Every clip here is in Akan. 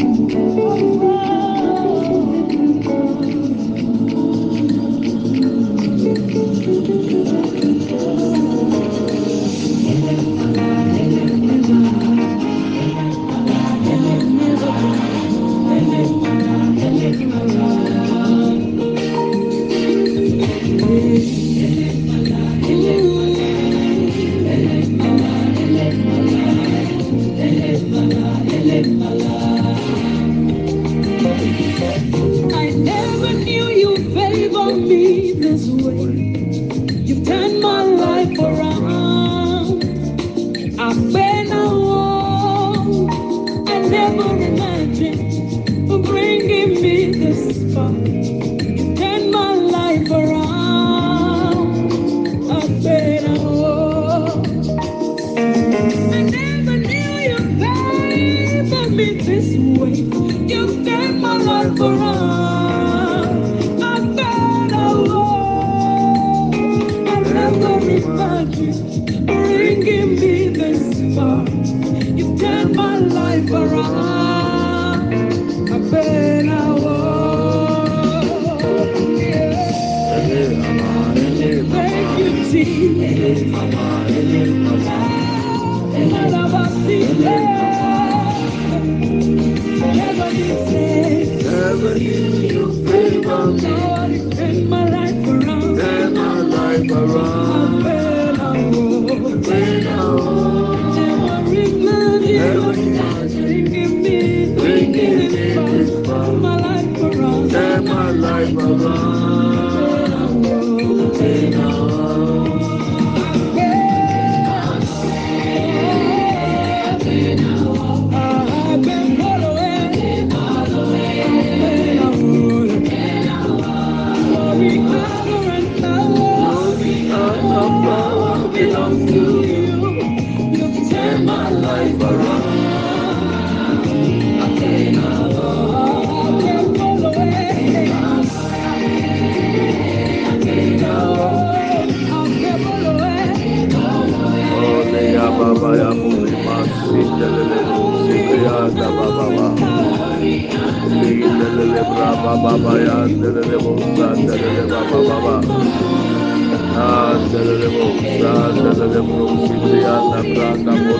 Thank you.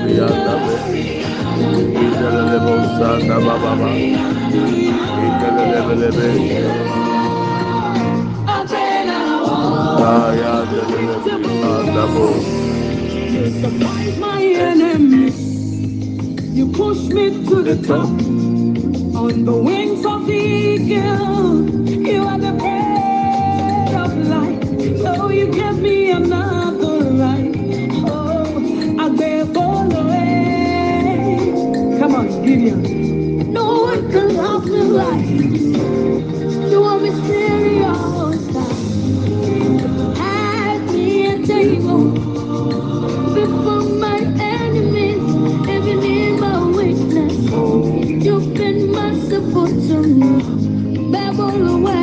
yanda be my enemy you push me to the top on the wings of the eagle you are the No one can love me like you. You are mysterious. Have me a table before my enemies, even in my weakness. You've been to me. Babble away.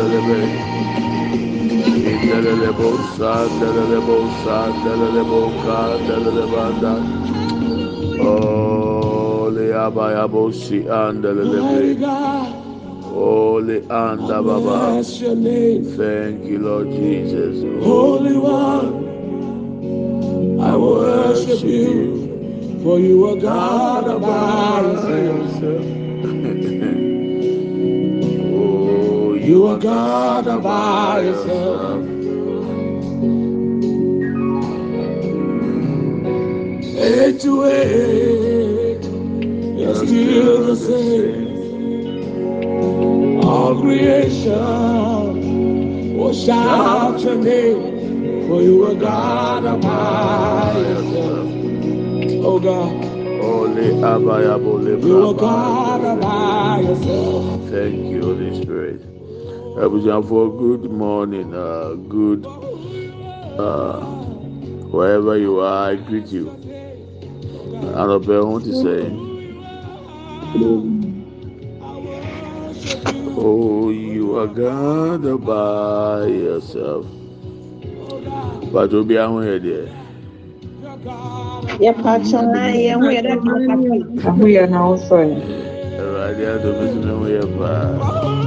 Oh, le abayabo si andelelebe. Holy and Baba. Thank you, Lord Jesus. Holy One, I worship you, for you are God above yourself. You are God all by yourself. Age to age, you you're still the same. All creation will shout your name, for you are God all by yourself. Oh God. Holy Abba, Abba, You are God all by yourself. Thank you, Holy Spirit. Abujanfo, good morning, uh, good uh, wherever you are, I greet you. And I want to say, Oh, you are gathered by yourself. But you'll be out here, dear. Awurade adomisi na ho yɛ paa.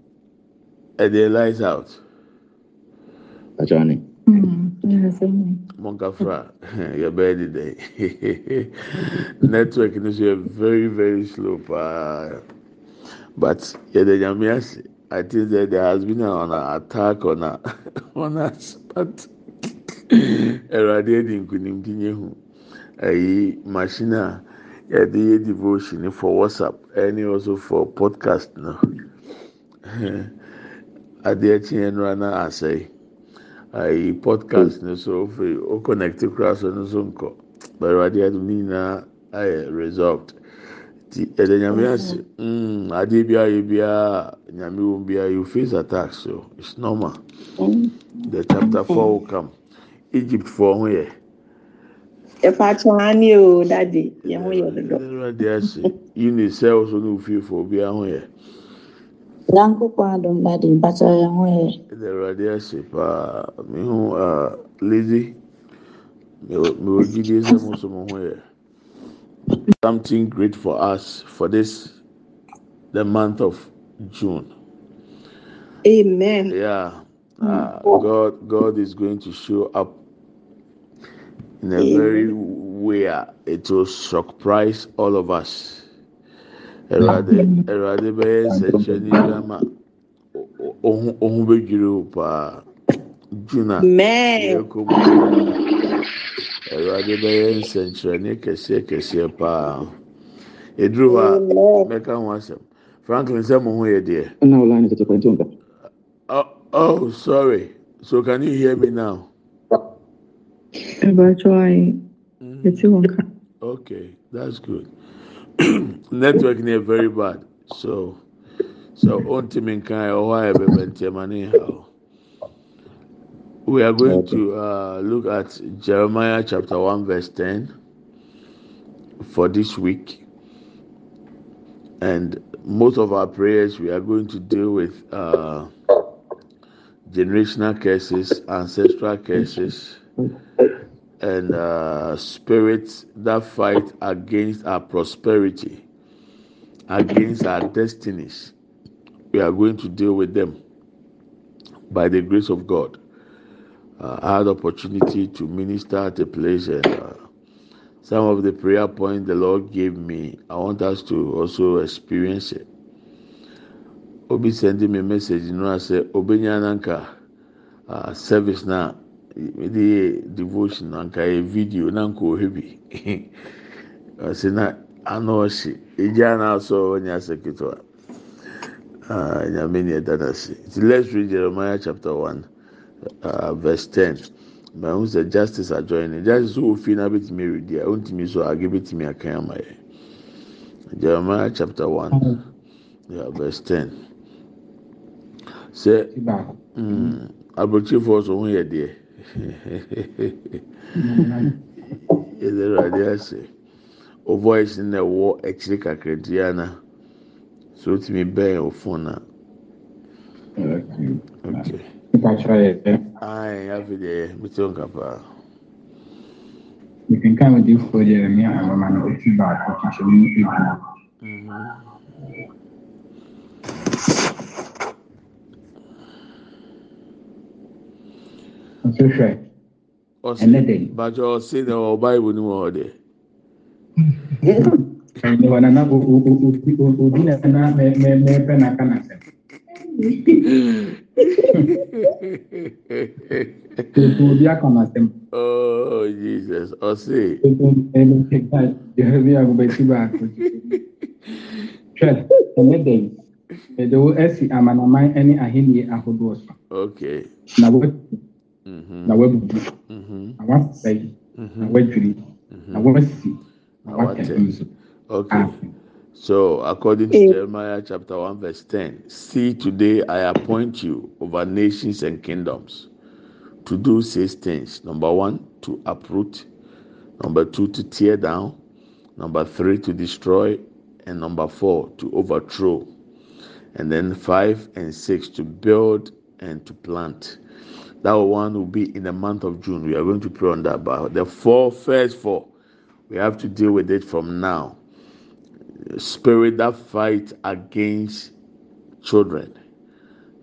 ɛdeɛ light out mnkafr mm-hmm. yɛbɛyɛdedɛ network noyɛ vvry slow paa but yɛda nyame ase i tk ɛ te has bnɔna atak nn wurade di nkunimtnyɛhu yi machine a yɛde yɛ divotino for whatsapp ne also fo podcast no adeɛ kyeɛ no ana asɛe ayi podcast no so ofiri o connect kura so no so nkɔ bɛrɛ adeɛ no ne nyinaa ayɛ resolved ti ɛdɛ nyame mhm. ase mm adeɛ bi ayɛ biara nyame wɔm biara you face attack so it's normal mhm. the chapter four will come egypt for ho yɛ. ɛfa atwara ni o dadi yɛn ho yɛ dodo. ɛdɛ ɛdɛ ase unicef so no fie for obiara ho yɛ. The adom dade mpakyɛ yɛ ho yɛ ɛde awurade ahye paa mehu a mo so mo ho something great for us for this the month of june amen yeah uh, god god is going to show up in a amen. very way it will surprise all of us bɛyɛ bi ama paa gyina bɛyɛ kɛseɛ kɛseɛ paa hɔ a mɛka ho asɛm franklin sɛ mo ho yɛ deɛ oh sorry so can you hear me now mm-hmm. okay that's good network near very bad so so on to oh, anyhow we are going to uh, look at jeremiah chapter 1 verse 10 for this week and most of our prayers we are going to deal with uh, generational curses ancestral curses and uh, spirits that fight against our prosperity, against our destinies. We are going to deal with them by the grace of God. Uh, I had opportunity to minister at a place and uh, some of the prayer points the Lord gave me. I want us to also experience it. Obi sending me message, you know, I said, Obenyana nka uh, service now mede yɛ devotion anka yɛ e video na nka ɔhwɛ bi ɔsi na ano ɔhye egya anaasɔ ɔnyɛ asɛ ketewa aa ah, nyame ni ɛda n'ase ti let's read jeremiah chapter one uh, verse ten ma n sɛ justice adjoin justice wo fi na betumi redi a ontumi so age betumi akan ama yɛ jeremiah chapter one mm. yeah, verse ten sɛ mm, aburukyifoɔ so ho yɛ deɛ. yɛde awurade ase o voice na ɛwɔ akyire kakra dua na so o tumi bɛn o phone na. okay. ayi afi deɛ mi ti o nka paa. nkankan odi fo deɛ mi a mama na o ti baako kyekyɛ mu ebi. hwehwɛ ɛnɛ dɛn. bàtà ɔsè na ɔ báyìí ni wọn dɛ. ɛnìwà nana òbí nana mɛpɛ n'aka n'asɛm. Ètò òbí aka n'asɛm. Oh Jesus ɔsè. Ètò ɛnì kẹta yẹrẹ agubẹsi baako. Hwɛ ɛnɛ dɛn. Ɛdɛwò ɛsi amanaman ɛne ahenni ahodoɔ so. Okay. Na wọ́n. Mm-hmm. Mm-hmm. Mm-hmm. na na na na na So, according to eh. Jeremiah chapter 1, verse 10, see today I appoint you over nations and kingdoms to do six things. Number one, to uproot. Number two, to tear down. Number three, to destroy. And number four, to overthrow. And then five and six, to build and to plant. That one will be in the month of June. We are going to pray on that. But the four first four, we have to deal with it from now. Spirit that fight against children.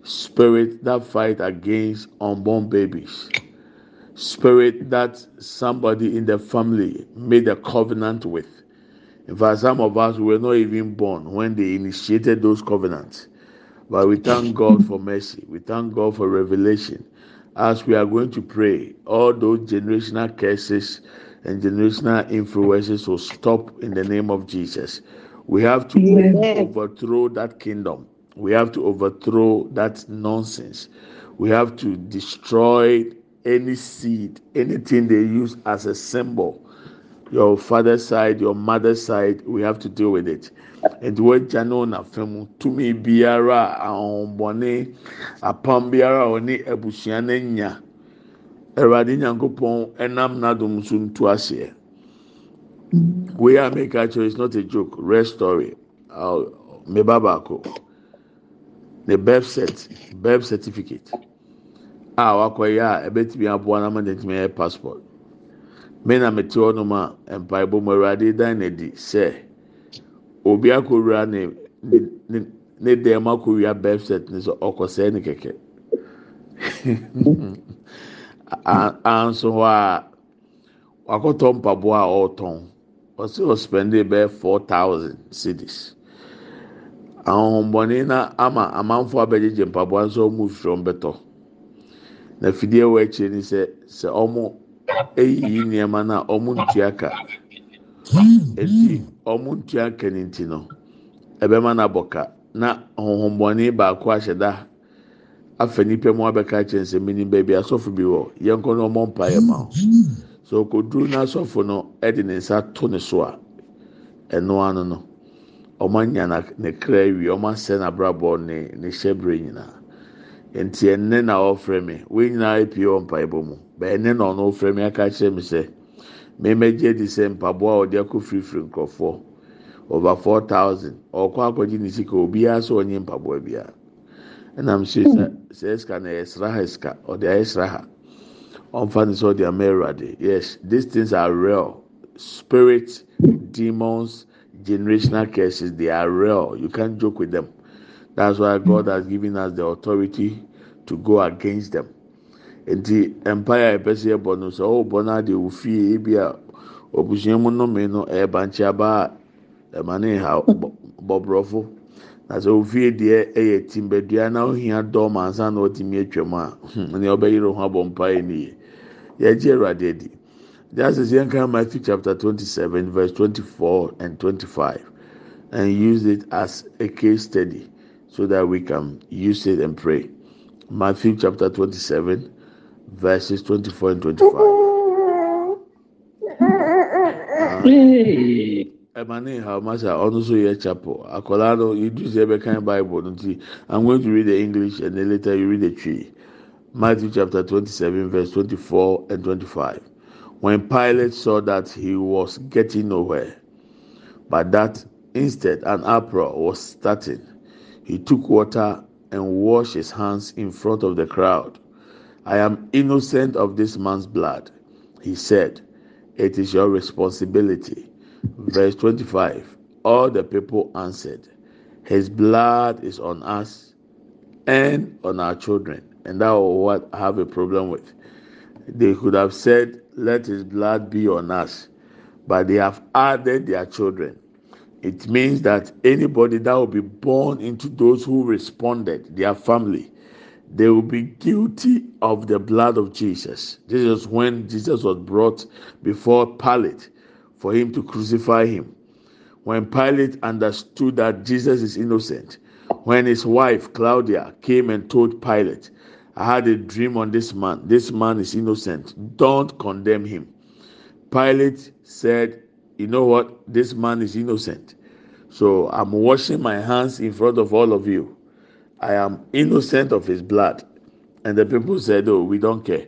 Spirit that fight against unborn babies. Spirit that somebody in the family made a covenant with. In fact, some of us were not even born when they initiated those covenants. But we thank God for mercy. We thank God for revelation as we are going to pray, all those generational curses and generational influences will stop in the name of Jesus. We have to Amen. overthrow that kingdom. We have to overthrow that nonsense. We have to destroy any seed, anything they use as a symbol. Your father's side, your mother's side, we have to deal with it. ɛde wagya ne ɔnafa mu tumi biara ahombɔne apam biara a ɔne abusua no nya awurade nyankopɔn ɛnam n'adom so ntu aseɛ wei a meka kyerɛ is not a joke rare story me ba baako ne birth cert birth certificate a wakɔyɛ a ɛbɛtumi aboa no ama ne ayɛ passport me na mete hɔnom a mpaebɔ mu awurade dan n'adi sɛ obi akɔwura ne ne ne dan mu akɔwura bɛfsɛt ne so ɔkɔsɛɛ ne kɛkɛ anso hɔ a wakɔtɔ mpaboa a ɔretɔn ɔsi ɔspɛnde bɛyɛ four thousand cedis ahohombɔne na ama amanfo abɛgyegye mpaboa nso ɔmo firi ɔmo bɛtɔ na fidie wɔ akyire ni sɛ sɛ ɔmo eyiyi nneɛma na ɔmo ntua ka eti. ɔmo ntua kɛne nti no ɛbɛma no abɔka na honhommɔne baako ahyɛ da afa nnipa mu abɛka akyerɛ sɛ menim baabi asɔfo bi wɔ yɛnkɔ no ɔmɔ mpa yɛ ma o so koduru n'asɔfo no ɛde ne nsa to ne so a ɛno ano no ɔmo anya ne kra awie ɔmo asɛ n'abrabɔ ne ne hyɛbrɛ nyinaa nti ɛnɛ na ɔfrɛ me wɔn nyinaa apie wɔ mpaebɔ mu bɛɛ ɛnɛ na ɔno ɔfrɛ me aka akyerɛ me sɛ mmɛmɛgye adi sɛ mpaboa a ɔde akɔ firifiri nkurɔfoɔ over four thousand ɔkɔ akɔgye ne sika obiara sɛ ɔnye mpaboa biara ɛnam sɛ sɛ sika na ɛyɛ sraha sika ɔde ayɛ sraha ɔmfa ne sɛ ɔde ama awurade yes these things are real spirit demons generational curses they are real you can't joke with them that's why god has given us the authority to go against them nti mpaeɛ a yɛpɛ sɛ yɛbɔ no sɛ ɔrebɔ no ade wɔ fie ebi a obusua mu nnome no ɛreba eh, nkyiaba a eh, ɛma ne ha bɔborɔfo na sɛ ofie deɛ ɛyɛ eh, timbadua na ohia dɔm ansa na ɔtumi atwam a hmm nea ɔbɛyere ho abɔ mpaeɛ ne yie yɛgye awurade adi justice yɛn kan matthew chapter twenty seven verse twenty four and twenty five and use it as a case study so that we can use it and pray matthew chapter twenty seven. verses 24 and 25. ɛma how much I nso yɛ chapel akwadaa you yɛdu sɛ ɛbɛkan bible don't nti i'm going to read the english and then later you read the tree matthew chapter 27 verse 24 and 25 when pilate saw that he was getting nowhere but that instead an uproar was starting he took water and washed his hands in front of the crowd I am innocent of this man's blood. He said, It is your responsibility. Verse 25 All the people answered, His blood is on us and on our children. And that was what I have a problem with. They could have said, Let his blood be on us. But they have added their children. It means that anybody that will be born into those who responded, their family, they will be guilty of the blood of Jesus. This is when Jesus was brought before Pilate for him to crucify him. When Pilate understood that Jesus is innocent, when his wife Claudia came and told Pilate, I had a dream on this man. This man is innocent. Don't condemn him. Pilate said, You know what? This man is innocent. So I'm washing my hands in front of all of you I am innocent of his blood. And the people said, Oh, we don't care.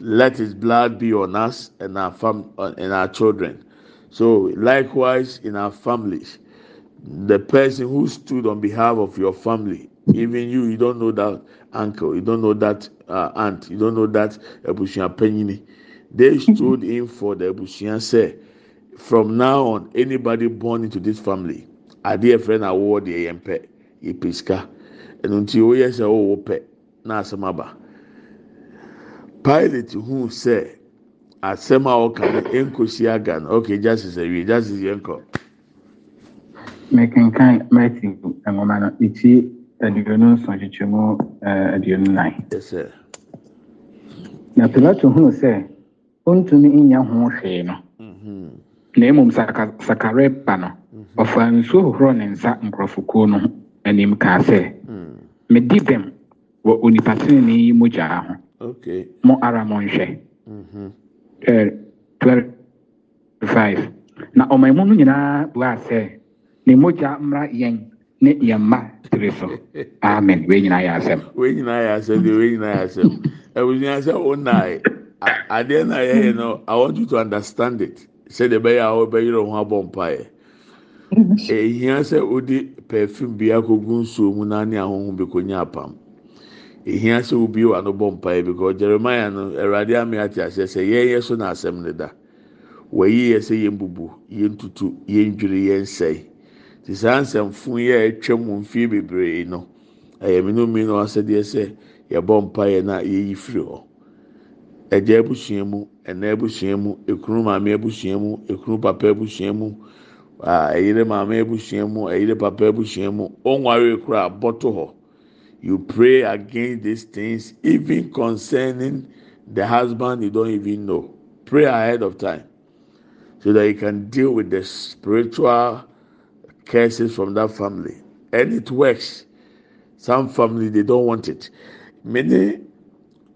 Let his blood be on us and our fam and our children. So likewise in our families, the person who stood on behalf of your family, even you, you don't know that uncle, you don't know that uh, aunt, you don't know that ebushian Penyini. They stood in for the Ebushia say, from now on, anybody born into this family, I dear friend award the AMP, Ipiska. ɛnu nti woyɛ sɛ wɔwɔ pɛ na asɛm aba pilot huu sɛ asɛm a ɔka no nkosi aga no ok justice awie justice yɛn kɔ. mekenkan mɛti nwoma no eti aduonu nson twitwi mu eh, aduonu nan. na pilato huu sɛ ontumi nya ho hwee no mm-hmm. na emom sakare ba no mm-hmm. ɔfa nsuo hohoro ne nsa nkurɔfokuo no anim kaa sɛ. Mm. mede bɛm wɔ onipa sene neyi mɔgyaa ho mo ara mɔ nhwɛ25 mhm. eh, na ɔmaemu no nyinaa boa a sɛ ne mmogya mmra yɛn ne yɛ mma tire so en einyinayɛ asɛmɛɛaɛɛ ɛɛdeɛ ɛbɛyɛ wɔbɛyerɛ who b ehia eh, sɛ wode perfume bi akɔgu nsuo mu na ne ahohom bi kɔ nyɛ apam ehia eh, sɛ obi wa no bɔ mpaeɛ because jeremiah no awurade ame ate aseɛ sɛ yɛyɛ so na asɛm ne da wɔyi yɛ sɛ yɛn bubu yɛn tutu yɛn dwiri yɛn nsɛe te saa nsɛmfo yɛ atwa mu mfie bebree no ɛyɛ mi no mi no asɛdeɛ sɛ yɛbɔ mpaeɛ na yɛyi firi hɔ ɛgya abusua mu ɛna abusua mu ekunu maame abusua mu ekunu papa ebusua mu. a ah, ɛyere maame ebusua mu ɛyere papa ebusua mu ɔnware kura bɔtɔ hɔ you pray against these things even concerning the husband you don't even know pray ahead of time so that you can deal with the spiritual curses from that family and it works some family they don't want it many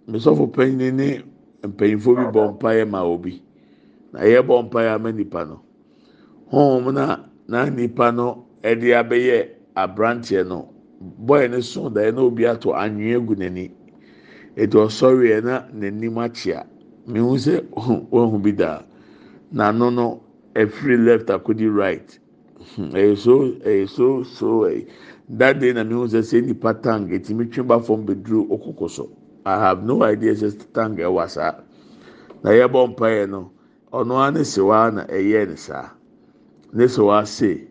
mesɔfo panyin ne mpanyinfo bi bɔ mpaeɛ ma obi na yɛ bɔ mpaeɛ ama nipa no. honhom na na nipa no ɛde abɛyɛ aberanteɛ no bɔyɛ no so daeɛ na obi ato anwea gu n'ani etu ɔsɔre na n'anim akyea mehu sɛ wɔn bi daa n'ano no efiri left akɔdi right hmm, ɛyɛ so ɛyɛ so so ɛyɛ that day na mehu sɛ sɛ nipa tank etimi twi ba fam beduru okoko so i have no idea sɛ tank ɛwɔ saa na yɛbɔ mpaeɛ no ɔno ara ne sewa na ɛyɛ ne saa. ne sɛ wase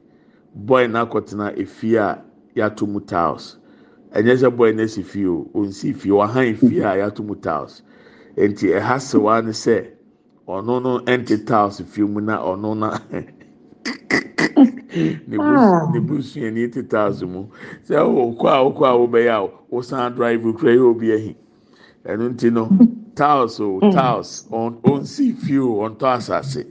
boy n'akɔtena efie a yɛato mu tiles ɛnyɛ sɛ boy n'asi fie o onsi fie wahan fie a yɛato mu tiles nti ɛha sewa ne sɛ ɔno no ɛnte tiles fie mu na ɔno na ah. ne busuani te tiles mu sɛ ɔkɔ a ɔkɔ a wɔbɛyɛ a ɔsan drive kura yɛ obi ahi ɛno nti no tiles o mm. tiles ɔnsi fie o ɔntɔ asase.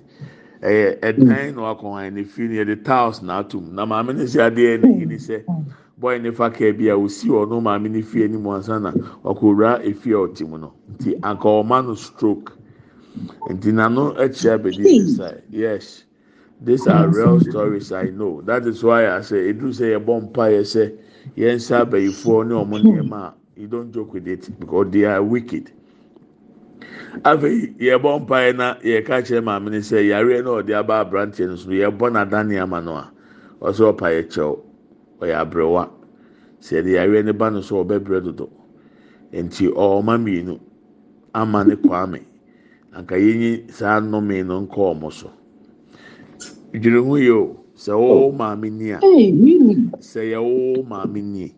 ɛyɛ mm. ɛdan na wakɔn a ne fi no yɛde tiles na atum na maame ne adi adeɛ na yi ne sɛ mm. mm. bɔyɛ ne fa kaa bi a osi wɔ no maame ne fie anim ansa na ɔkɔwura efi a ɔte mu no nti anka ɔma no stroke nti n'ano akyia bedi sisa yes these are real stories i know that is why i say edu sɛ yɛbɔ mpa yɛ sɛ yɛn nsa abayifoɔ ne ɔmo nneɛma a you don joke with it because they are wicked. afei yɛbɔ mpaeɛ na yɛka kyerɛ maame ne sɛ yareɛ na ɔde aba aberanteɛ no so no yɛbɔ n'adane ama no a ɔsɛ ɔpaeɛ kyɛw ɔyɛ aberɛwa sɛ yɛde yareɛ no ba no so ɔbɛbrɛ dodo nti ɔma mmienu ama ne kwame anka yɛnyi saa nnome no nkɔ ɔmo so dwere ho yi o sɛ wɔwɔ maame ni a sɛ yɛwɔ maame nie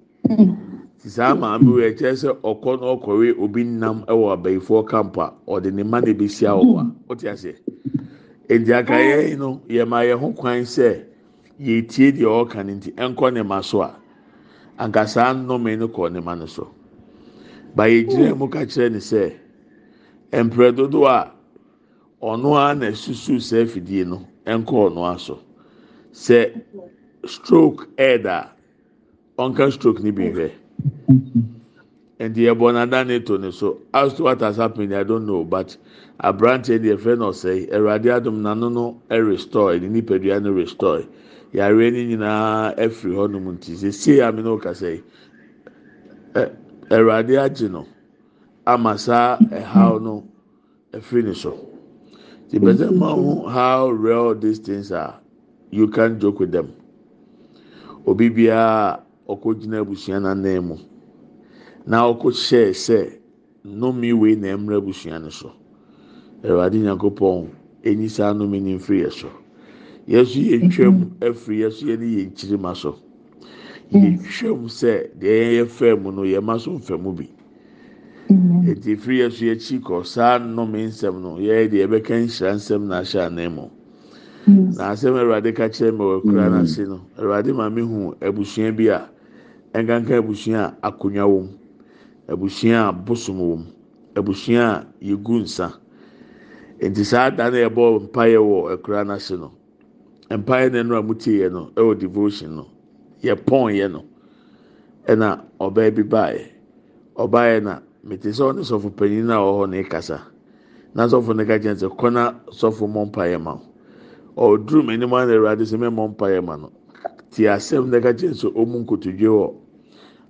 saa maame wei ɛkyerɛ sɛ ɔkɔ na ɔkɔwe obi nam ɛwɔ abɛyifoɔ camp a ɔde ne ma na ebesia wɔ hɔ a ɔte aseɛ edi akaeɛ yi no yɛma yɛn ho kwan sɛ yɛtie deɛ ɔɔka ne nti ɛnkɔ ne ma so a anka saa nnome no kɔ ne ma no so ba yɛgyina mu ka kyerɛ ne sɛ mpere dodoɔ a ɔno na susu sɛ afidie no ɛnkɔ ɔno aso sɛ stroke ɛɛda ɔnka stroke ne bi hwɛ. and the nada ne ne so as to what has happened i don't know but aberanteɛ deɛ fɛ na ɔsɛe awurade adum n'ano no restore ne nipadua no restore yàrá ne nyinaa afiri hɔnom nti sese ami no kasa yi ɛ awurade agye no ama saa ɛhaw no afiri ne the better how real these things are you can joke with them obi ɔkɔgyina abusua nanan mu na ɔkɔhyɛɛ sɛ nnome wei na ɛmmerɛ abusua no so awurade nyankopɔn ɛnyi saa nnome no mfiri yɛ so yɛso yɛntwam afiri yɛso yɛne yɛn kyirima so yɛntwam sɛ deɛ yɛyɛ fɛɛ mu no yɛma so mfɛ mu bi Eti firi yɛso yɛkyi kɔ saa nnome nsɛm no yɛyɛ deɛ yɛbɛka nhyira nsɛm na ahyɛ anan mu na asɛm awurade ka kyerɛ mɛ wɔ akura no ase no awurade ma mehu abusua bi a nkankan abusua a akonnwa wɔ mu abusua a bosom wɔ mu abusua a yɛgu nsa nti saa da no yɛbɔ mpaeɛ wɔ akura n'ase no mpaeɛ no a mu tie no ɛwɔ devotion no yɛpɔn yɛ no ɛna ɔbaa bi baeɛ ɔbaeɛ na mete sɛ ɔne sɔfo panyin a ɔwɔ hɔ ne kasa na sɔfo no ka kyerɛ sɛ kɔna sɔfo mɔ mpaeɛ ma ɔduru m'anim a na awurade sɛ mɛmɔ mpaeɛ ma no tie asɛm no ka kyerɛ sɛ ɔmu nkotodwe wɔ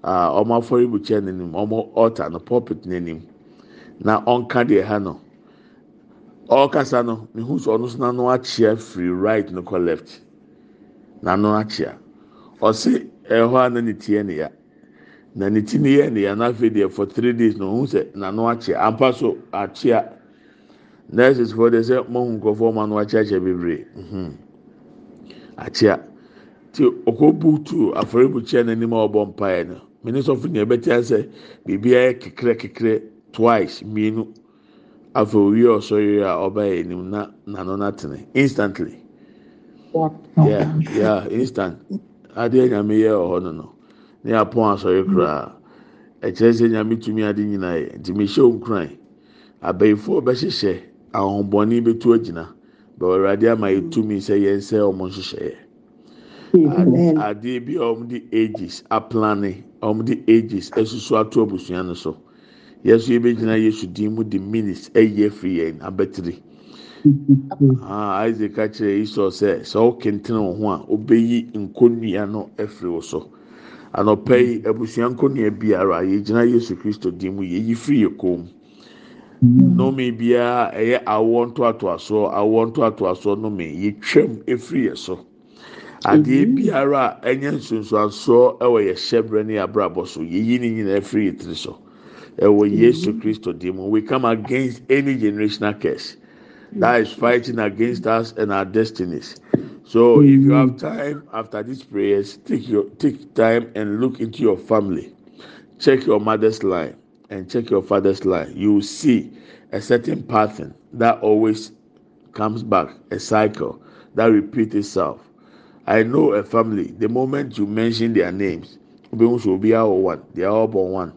a ɔmo afɔrebukyia n'anim ọmụ ɔta no pulpit n'anim na ɔnka deɛ ha no ɔkasa no ne ho so ɔno so n'ano akyea firi right no kɔ left n'ano akyea ɔsi ɛhɔ a na ne tie ne ya na ne ti ne yɛ ne ya n'afɛ deɛ for three days na ohun sɛ n'ano akyea ampa so akyea nurses fɔ de sɛ mo hu nkɔfɔ ɔmo ano akyeakyea bebree mhm. akyea ti ɔkɔ buutu afɔrebukyia n'anim a ɔbɔ mpaeɛ no. mene sɔfo nea ɛbɛte asɛ biribi ayɛ kekerɛ kekerɛ twice mmienu afɛ owie ɔsɔre a ɔbɛyɛ anim na n'ano n'atene instantly yeah yeah instant adeɛ nyame yɛ wɔ hɔ no no ne apɔn asɔre koraa ɛkyerɛ sɛ nyame tumi ade nyinaa yɛ nti mehyɛ nkuran abɛyifoɔ bɛhyehyɛ ahombɔne bɛtu agyina bɛwɔ adi ama yɛtumi sɛ yɛnsɛ ɔmo nhyehyɛeɛ adeɛ bi a wɔde ages aplane wɔde ages asusu ato abusua no so yɛsɔ yɛbɛgyina yesu din mu de minutes ayi afiri yɛn abɛtiri mm-hmm. aa ah, isaac akyerɛ esau sɛ sɛ ɔkentene wɔn ho a ɔbɛyi nkonnua no afiri wɔ so anɔpɛ yi mm-hmm. abusua nkonnua biara yɛgyina yesu kristo din mu yɛyi firi yɛ kɔn mu mm-hmm. nnome biara ɛyɛ awoɔ ntoatoasoɔ awoɔ ntoatoasoɔ nnome yɛtwam afiri yɛ so adeɛ mhm. biara a ɛnyɛ nsonsansoɔ ɛwɔ yɛ hyɛbrɛ ne abrabɔ so yɛyi ne nyinaa firi yɛ tiri so ɛwɔ mhm. yesu kristo dim we come against any generational curse that is mhm. fighting against us and our destinies so if you have time after these prayers take your take time and look into your family check your mother's line and check your father's line you will see a certain pattern that always comes back a cycle that repeats itself I know a family. The moment you mention their names, obìnrin sọ obi awọ one, they are all born one.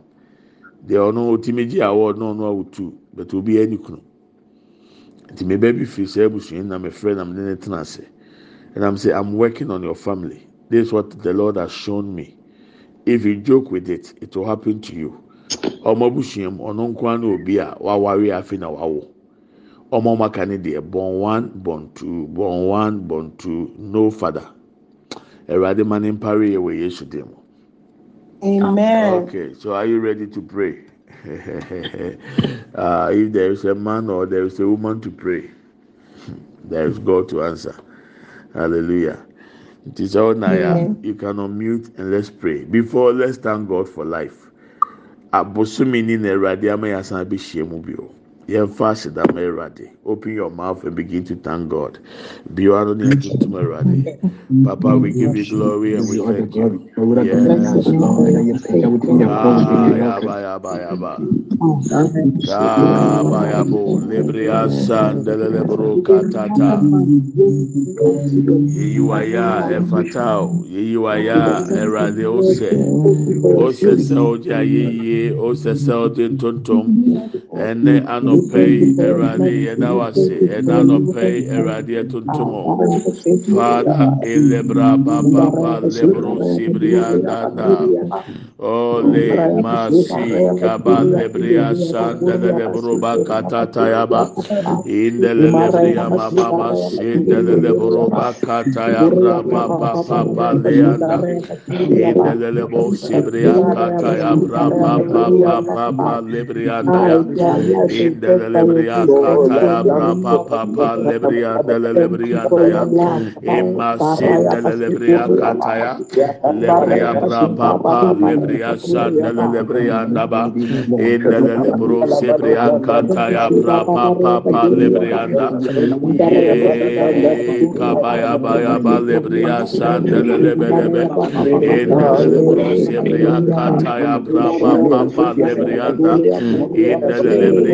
They are no timiji, award no no two, but obi be any. Nti mi bẹ bi firi sẹ ebusua na mi fẹ na mi nene And I'm saying I'm working on your family. This is what the Lord has shown me. If you joke with it, it will happen to you. Ọmọ busua mu na obi a wawari afi na wawo. Ọmọ ọmọ aka deɛ born one born two born one born two no father. Erade mani mpare ye we Yesu dim. Amen. Okay, so are you ready to pray? uh, if there is a man or there is a woman to pray, there is God to answer. Hallelujah. It is all Naya. You can unmute and let's pray. Before, let's thank God for life. Abosumi ni na Erade amaya san bi shemu yɛmfa aseda ma awurade open your mouth and begin to thank god biara ne yɛtotom awurade papa we give you glory and we thank you yabayabo lebriasa ndelelebro katata yeyiwaya ɛfatao yeyiwaya awurade osɛ osɛ sɛ wode ayɛyie osɛ sɛ wode ntontom Ene ano anɔpɛ yi ɛwurade yɛda wase ɛna anɔpɛ yi ɛwurade yɛtontom fada elebra bababa lebro sibria dada ole masi kaba lebria sandele lebro ba katata yaba indele lebria mama masi indele lebro ba kata yabra baba baba leanda indele lebro sibria kata yabra baba baba lebria daya dele lebriya kata brapa papa lebriya dele lebriya daya imma si dele lebriya brapa papa lebriya san dele lebriya daba in dele brapa papa da ye kabaya baya ba lebriya san dele lebrebe in dele lebro brapa papa da in dele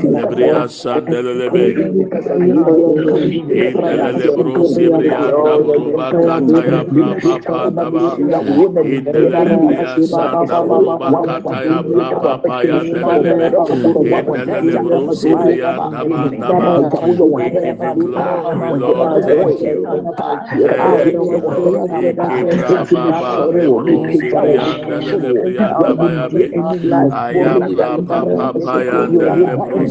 Ebria Sandelebe, Indelele Brusi Bria Nabu Bakataya Brahma Padaba, Indelele Bria Kataya Brahma Paya Delebe, Indelele Brusi Bria Naba Naba, thank you. Papa Paya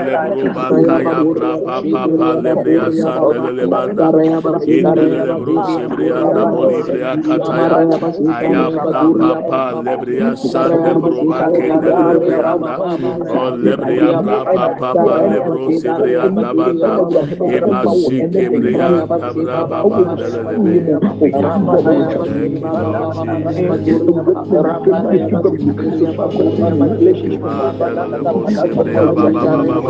le bruba kaya bra pa pa pa le bria san le le banda inde le bruse bria da boli bria kataya aya bra pa pa le bria san le bruba ke le le bria da o le bria bra pa pa pa le bruse bria da banda e masi ke bria da bra pa pa le le be Thank you.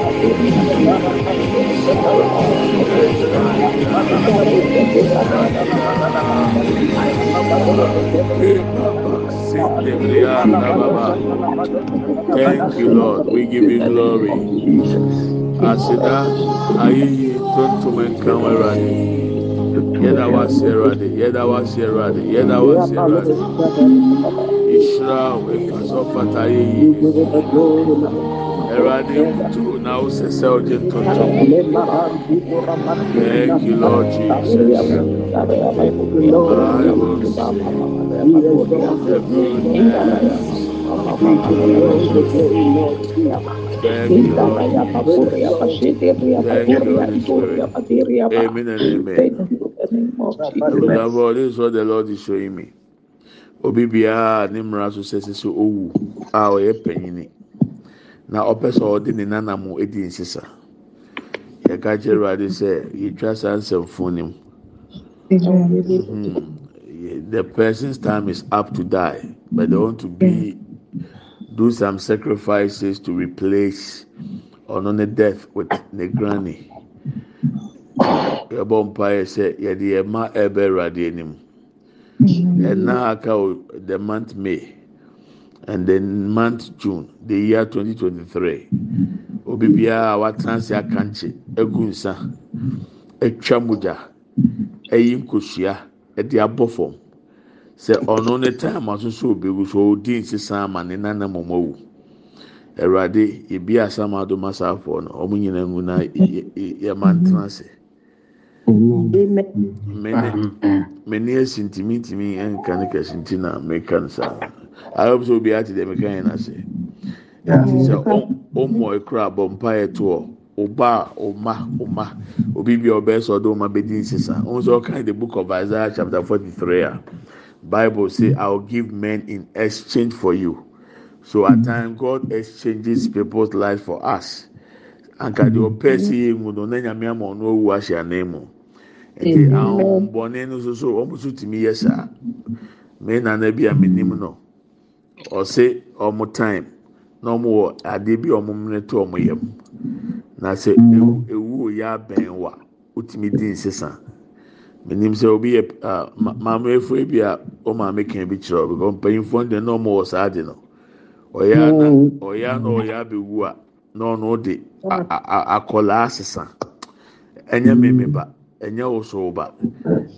Thank you, Lord. We give you glory. Asida, ayeyi tó ń tún nǹkan wẹ̀rọ ni. Yẹ́dá wá sí ẹ̀rọ adé, yẹ́dá wá sí ẹ̀rọ adé, yẹ́dá wá sí ẹ̀rọ adé. Ìṣúra òwe kan sọ pàtàkì yìí. Ẹ̀rọ wosɛsɛ oyentɔyaboafɔ reɛsɔɔdelɔde sɔi mi obibiaa ne mmara so sɛ se sɛ ɔwu a ɔyɛ pɛnyini na ɔpɛ sɛ ɔde ne nanam di nsesa yɛka kyerɛ sẹ sɛ yɛtwa saa nsɛmfo ne mu the person's time is up to die but they want to be do some sacrifices to replace ɔno ne death with ne granny yɛbɔ mpaeɛ sɛ yɛde yɛn ma ɛbɛ awurade anim ɛna aka the month may. and then month june the year 2023 obi biara watena ase akanchi egu nsa atwa mogya ɛyi nkosua ɛde abɔ fam sɛ ɔno ne time asoso so odi nsesa ama ne nana mɔmɔ wu awurade ebi asam adoma saafoɔ no wɔn nyinaa ngu na yɛ ma ntena ase mene esi ntimi ntumi nka ne kɛse na meka ne saa. I hope so be ati The kan na say, Ya ti sɛ ɔmmɔ ekura abɔ mpa yɛ toɔ ɔba ɔma ɔma obi bi ɔbɛ sɛ ɔde ɔma bɛ di nsesa ɔn sɛ the book of Isaiah chapter forty three a Bible say I will give men in exchange for you so at mm-hmm. time God exchanges people's life for us anka deɛ ɔpɛ si yɛ mu no ne nyame ama ɔno owu ahyɛ anan mu nti ahombɔne no nso so wɔn nso tumi yɛ saa me nana bi a me nim no. ɔsi ɔmo time na ɔmo wɔ adeɛ bi ɔmo mene to ɔmo yam na sɛ ewu ewu oyɛ abɛn wa otumi di nsesa menim sɛ obi yɛ a maame efo ebi a ɔmaame kan bi kyerɛ ɔbi kɔn mpanyinfoɔ na ɔmo wɔ saa no ɔyɛ ana mm. ɔyɛ ana ɔyɛ abɛwu a na ɔno de ɛnyɛ mmemme ba. ɛnyɛ wosow ba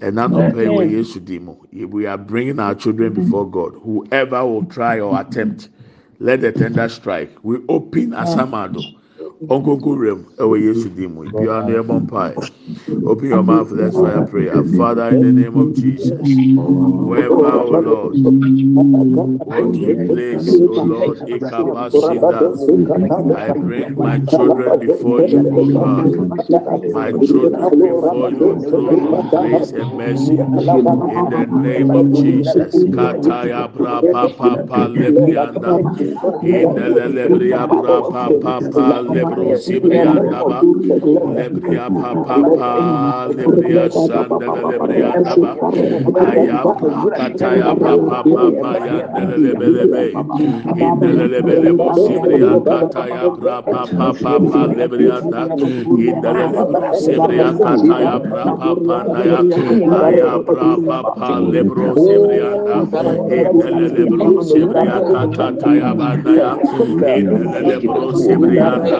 ɛna nɔpɛ wɔ yesu di mu we are bringing our children before god whoever will try or attempt let the tender strike we open asamado. Uncle Onkonko Rem, Ewe Yesu Dimu, Pia Nebon Pai. Open your mouth, let's fire right, prayer. Father, in the name of Jesus, wherever, O oh Lord, what you place, O oh Lord, Ikabashida, I bring my children before you, O God. My children before you, throne of grace and mercy. In the name of Jesus, Kataya Brapa Papa Lebrianda, Indelelebria Brapa Papa Lebrianda. aa ya katayapapapapa ya a yabrpaapapa a sriakatayabira papaaya yabrapapalr r yayar ra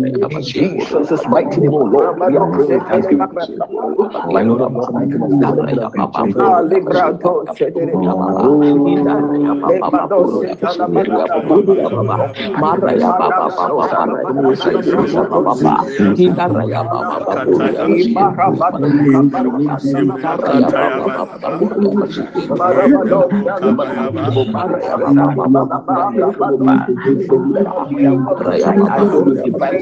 Jesus' mighty Lord, we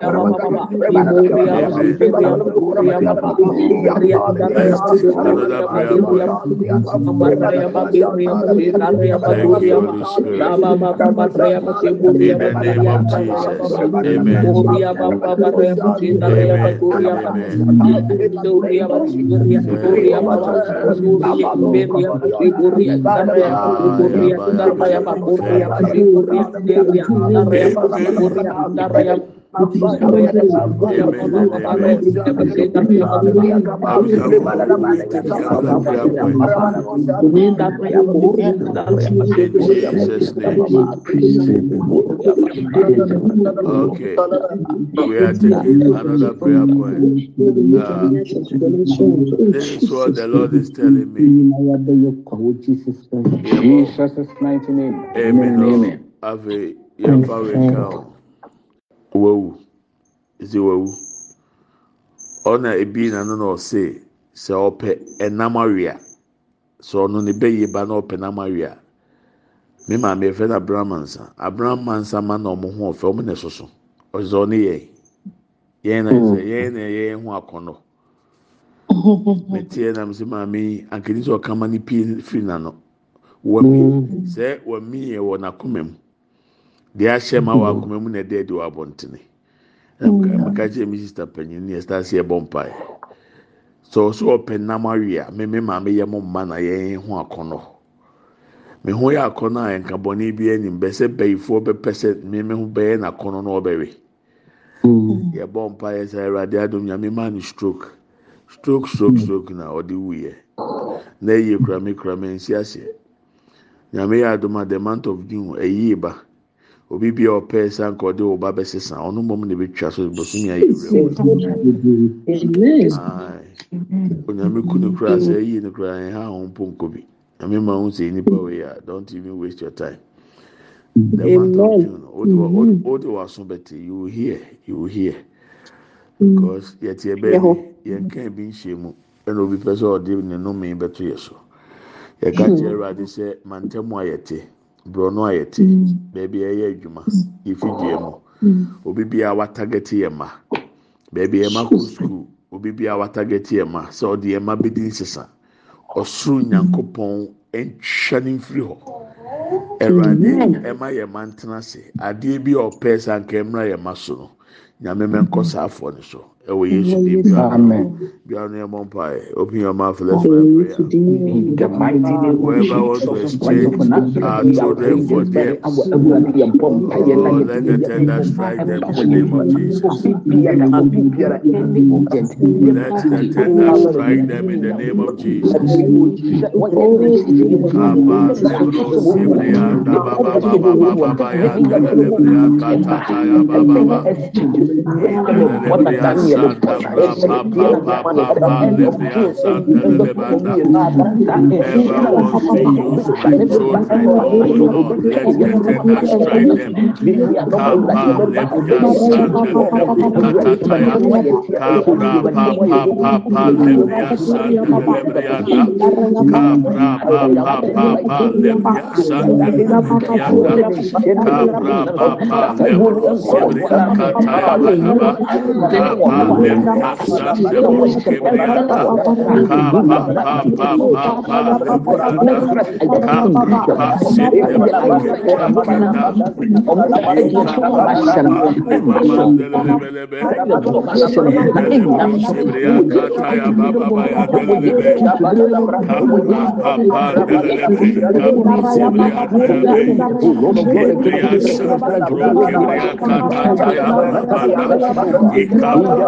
Amen. Okay. We are taking another prayer point. Uh, this is what the Lord is telling me. Jesus' mighty name. Amen. Amen. Amen. Amen. Amen. Amen. Amen. Amen. wawu sɛ wawu ɔna ebi nano na ɔse sɛ ɔpɛ ɛnam awia sɛ ɔno ne bɛ yie ba na ɔpɛ nam awia me maame yɛfrɛ e no abraham mansa abraham mansa ma na ɔmo ho ɔfɛ ɔmo na ɛsoso ɔsɛ ɔne yɛ yɛn na sɛ hmm. yɛn na yɛ ho akɔnɔ mɛtiɛ nam sɛ maame yi ankeni sɛ ɔkama ne pie firi nano wɔ mi hmm. sɛ wɔ mi yɛ wɔ n'akoma mu. deɛ ahyɛ mm-hmm. mm-hmm. ma wɔ akoma mu na ɛdeɛ de wɔ abɔntene meka kyerɛ me sista panyin ne yɛsta ase ɛbɔ mpae sɛ ɔso ɔpɛ nam awie a maame yɛ mo mma na yɛn ho akɔnɔ me ho yɛ akɔnɔ a nka bɔne bi anim bɛ sɛ bɛyifoɔ bɛpɛ sɛ meme ho bɛyɛ n'akɔnɔ na ɔbɛwe yɛbɔ mpaeɛ sɛ awurade adom nyame ma no stroke stroke stroke mm-hmm. stroke na ɔde wuyɛ na ɛyɛ kurame kurame nsi aseɛ nyame yɛ adom a the month of june ɛyie ba obi bi a ɔpɛ sɛ anka ɔde wo ba bɛsesa ɔno mmom na ebɛtwa so bosome ayɛ werɛ onyame ku no koraa sɛ ɛyi no koraa ɛha ho mpo nkɔ bi nyame ma ho sɛ nnipa wei a don't even waste your time the month of june wode waso bɛte you hear you hear because yɛte ɛbɛɛ yɛnka bi nhyɛ mu ɛna obi pɛ sɛ ɔde ne nome bɛto yɛ so yɛka hmm. kyerɛ awurade sɛ mantam a yɛte borɔno mm. mm. a yɛte mm. baabi a ɛyɛ adwuma efi dua mu obi bi biara watagɛte yɛ ma baabi ɛma kɔ sukuu obi bi biara watagɛte yɛ ma sɛ ɔde yɛ ma bɛdi nsesa ɔsoro nyankopɔn ntwa ne mfiri hɔ ɛwurade ɛma yɛ ma ntena ase adeɛ bi a ɔpɛɛ sanka mmra yɛ ma so no nyame mɛnkɔ saa afɔ ne so. ɛwɔ yesu din bi amen bi anu yɛ mɔ mpa yɛ open your mouth let's pray prayer wherever one was changed our children for there oh let the tender strike them in the name of jesus let the tender strike them in the name of jesus abba lebro sibri anda ba ba ba ba ba ba ba ya lebri anda ta ta you you.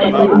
you.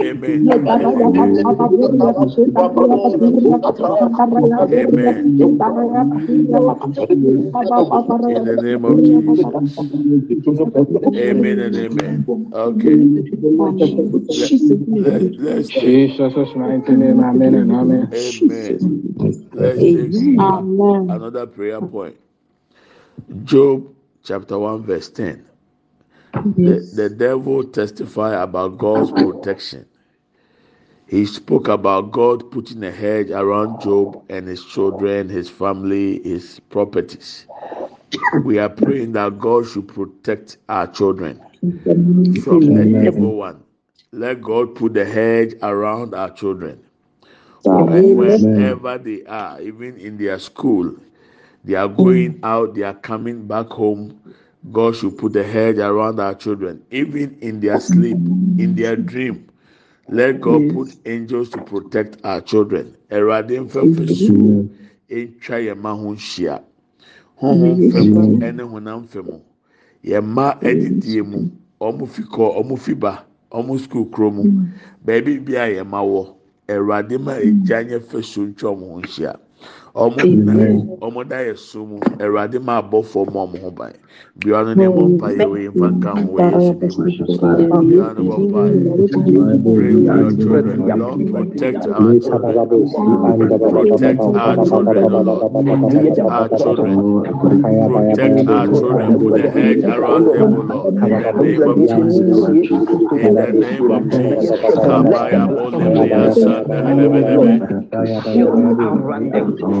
Amen. Amen. In the name of Jesus. Amen and amen. Okay. Let, us Jesus' mighty name. Amen and amen. Amen. Let's take another prayer point. Job chapter 1, verse 10. The, the devil testify about God's protection he spoke about God putting a hedge around Job and his children, his family, his properties. we are praying that God should protect our children from the evil one. Let God put the hedge around our children. Wherever they are, even in their school, they are going out, they are coming back home. God should put a hedge around our children, even in their sleep, in their dream. Let God yes. put angels to protect our children. Ẹ̀rọ̀adé nfẹ̀ fẹ̀sù ẹ̀ntwa yẹn mma ho nhyia. Honhom fẹ̀mù ẹne honam fẹ̀mù. Yẹn mma ẹdidie mu. Ọmụ fi kọ, ọmụ fi ba, ọmụ skul kuro mm. Beebi bi a yẹn mma wọ. Ẹ̀rọ̀adé ma mm. ẹgya nyẹ fẹ̀sù ntwa ọmụ ho nhyia. ɔmo ɔmo da yɛ so mu ɛwurade ma abɔ fɔm ɔmo ho ban biwa no ne mo mpa yɛ oye mfa nka ho oye si mpa yɛ pray for your children lord protect our children protect our children lord protect our our children with the hedge around them lord in the name of jesus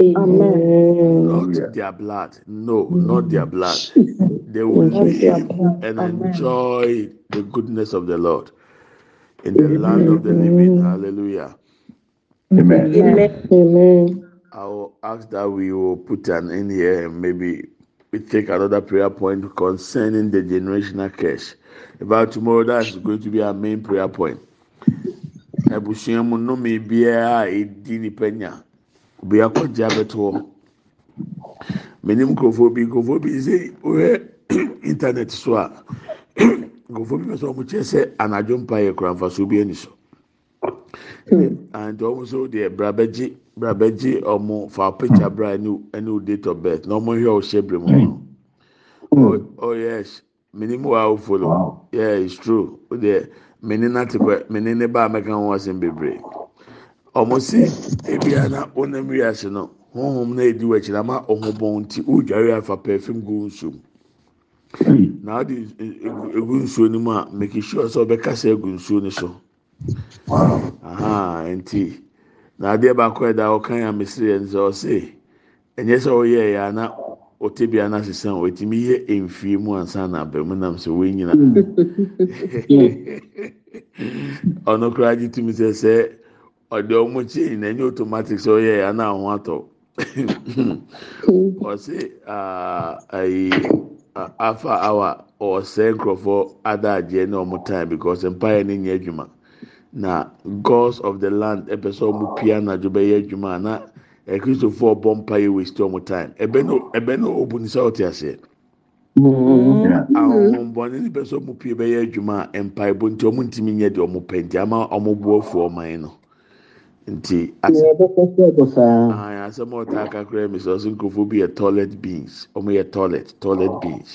Amen. Not their blood. No, not their blood. They will live and enjoy the goodness of the Lord in the land of the living. Hallelujah. Amen. Amen. I will ask that we will put an end here and maybe we take another prayer point concerning the generational curse. About tomorrow, that's going to be our main prayer point. obi akɔgye abɛto hɔ menim nkurɔfoɔ bi nkurɔfoɔ bi sɛ wohɛ internet so a nkurɔfoɔ bi pɛ sɛ ɔmo kyerɛ sɛ anadwo mpa yɛ kora mfasoɔ bi ani so and ɔmo nso deɛ brabɛgye brabɛgye ɔmo fa picture bra ɛne ɛne date of birth na ɔmo hwɛ ɔhyɛ bere mu hmm. oh, oh yes menim wa o follow yeah it's true o deɛ mene nate pɛ mene ne ba amɛka ho asɛm bebree. ɔmo si ebia na ɔnam wiase no honhom na edi wɔ akyi na ama ɔhobɔn nti ɔredware afa pɛfim gu nsuo mu na ɔde egu nsuo no mu a make sure sɛ ɔbɛkasa egu nsuo no so nti na adeɛ baako ɛda ɔkan a mesiri yɛn sɛ ɔse ɛnyɛ sɛ ɔyɛ ɛyɛ ana ɔte bia na sisan ɔtumi yɛ mfie mụ ansa na abɛn mu nam sɛ wɔn nyina ɔno koraa gye tumi sɛ ọdị ọmụ chii na-enye otomatik sọ ya ya na-ahụ atọ hmm. ọsị afa awa ọsị nkurọfọ ada agye na ọmụ taa bikọs mpa ya na-enye adwuma na gods of the land ebe sọ ọmụ pia na adwuma ya edwuma na ekristofo ọbọ mpa ya waste ọmụ taa ebe na bụ nisa ọtị asị. ahohombɔne ne pɛ sɛ ɔmo pie bɛyɛ adwuma a mpaebɔ nti ɔmo ntumi nyɛ deɛ ɔmo pɛ nti ama ọmụ ɔmo boafoɔ ɔman nọ. nti asɛm ɔtaa kakra mi sɛ ɔsɛ nkurɔfoɔ bi yɛ toilet beans ɔmo oh, yɛ toilet toilet beans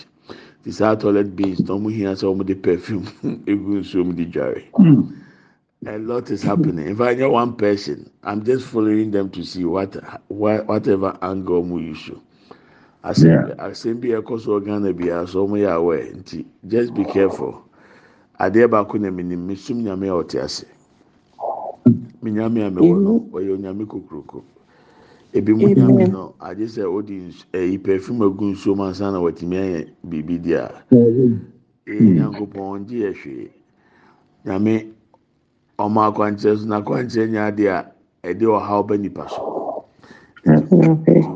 ti saa toilet beans na ɔmo hia sɛ ɔmo de perfume egu nsuom de dware a lot is happening if i get one person i'm just following them to see what whatever angle ɔmo use asɛm asɛm bi ɛkɔ so ghana biara so ɔmo yɛ aware nti just be careful adeɛ baako na mi nim mi sum nyame ɔte ase. menyame a mewɔ no ɔyɛ onyame kokuroko ebi mu nyame no agye sɛ odi ɛyi eh, pɛfum egu nsuo mu ansa na watumi ayɛ biribi di a ee eh, nyankopɔn gye yɛ hwee nyame ɔmo akwankyerɛ so na akwankyerɛ nyɛ adeɛ a ɛde ɔhaw bɛ nipa so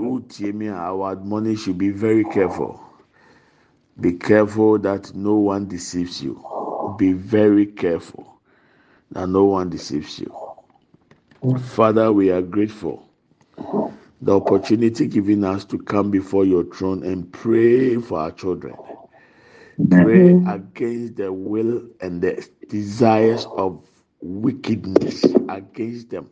wotie mi a our money should be very careful be careful that no one deceives you be very careful. that no one deceives you. Father, we are grateful. The opportunity given us to come before your throne and pray for our children. Pray against the will and the desires of wickedness against them.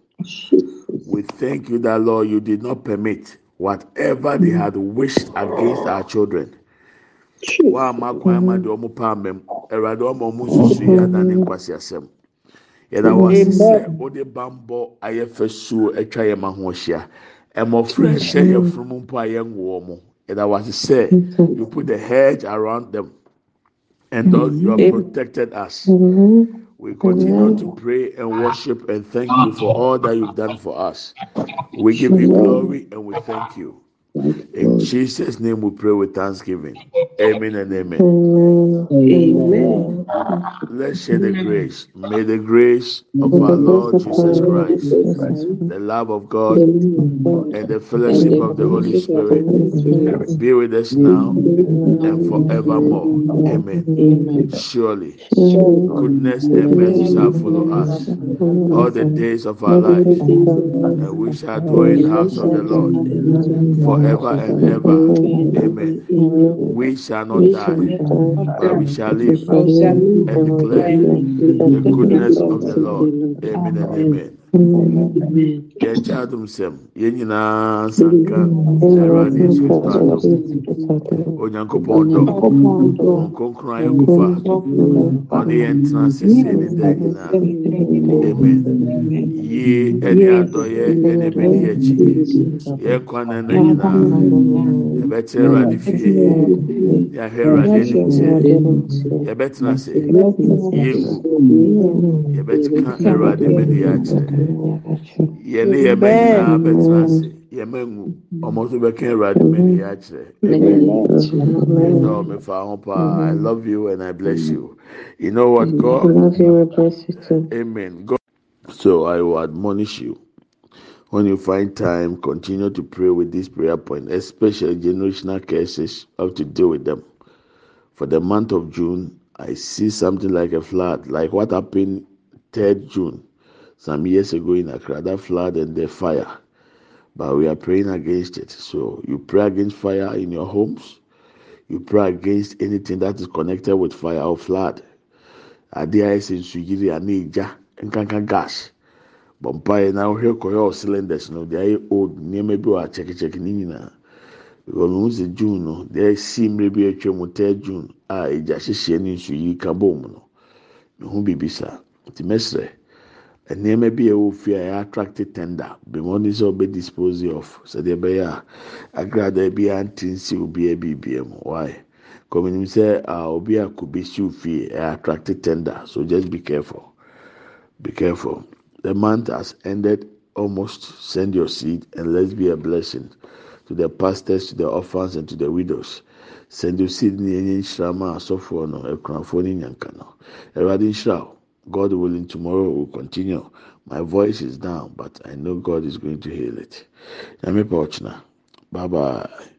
We thank you that, Lord, you did not permit whatever they mm. had wished against our children yɛda wase sɛ wode bambɔ ayɛ fasuo atwa yɛ ma ho ahyia mmɔfra ɛhyɛ yɛ funu mpo a yɛnwoɔ mu yɛda wase sɛ you put the hedge around them and thus you have protected us we continue to pray and worship and thank you for all that you've done for us we give you glory and we thank you in Jesus' name we pray with thanksgiving. Amen and amen. Amen. Let's share the grace. May the grace of our Lord Jesus Christ, the love of God, and the fellowship of the Holy Spirit be with us now and forevermore. Amen. Surely, goodness and mercy shall follow us all the days of our life, and we shall dwell in the house of the Lord forever Ever and ever. Amen. We shall not die, but we shall live and declare the goodness of the Lord. Amen and amen. yɛnkyɛ adom sɛm yɛn nyinaa sanka anetaom onyankopɔn dɔ kɔuu ɔnkronkrna yɛ kufao ɔne yɛtena sɛ see ne da nyinaa mn yi ne adɔyɛ na bɛni yɛkyi yɛkwana no nyinaa yɛbɛte rade fie ne ahwɛ ane ne iɛ yɛbɛtena sɛ yiu yɛbɛteka rade mani yɛ kyerɛ yɛn ne yɛn bɛ nyinaa bɛtena ase yɛn bɛ ngu ɔmo nso bɛka awurade mɛ ne yɛ akyerɛ fa i love you and i bless you you know what god amen god so i will admonish you when you find time continue to pray with this prayer point especially generational cases. how to deal with them for the month of june i see something like a flood like what happened 3rd june some years ago in Accra, that flood and the fire. But we are praying against it. So you pray against fire in your homes. You pray against anything that is connected with fire or flood. Adeɛ ayɛ Sujiri ane egya nkanka gas. Bɔmpaeɛ na here kɔyɛ cylinders no they are old nneɛma bi wɔ akyɛkyɛkyɛ ne nyinaa. Wɔn sɛ June no deɛ seem maybe a atwa mu June ah, a egya hyehyɛ ne nsuyi ka bom no. Ne be biribi The Nti nneɛma bi a ɛwɔ fie a yɛ attract tender bimoni sɛ ɔbɛ dispose of sɛdeɛ ɛbɛyɛ a agrada bi a nti nsi a biribia mu why kɔmini sɛ obi a kube si fie yɛ attract tender so just be careful be careful the month has ended almost send your seed and let's be a blessing to the pastors to the orphans and to the widows. Send your seed ne yɛnyɛ nhyirama asɔfoɔ no akunafoɔ ne nyanka no awurade nhyira wo God willing, tomorrow will continue. My voice is down, but I know God is going to heal it. Bye bye.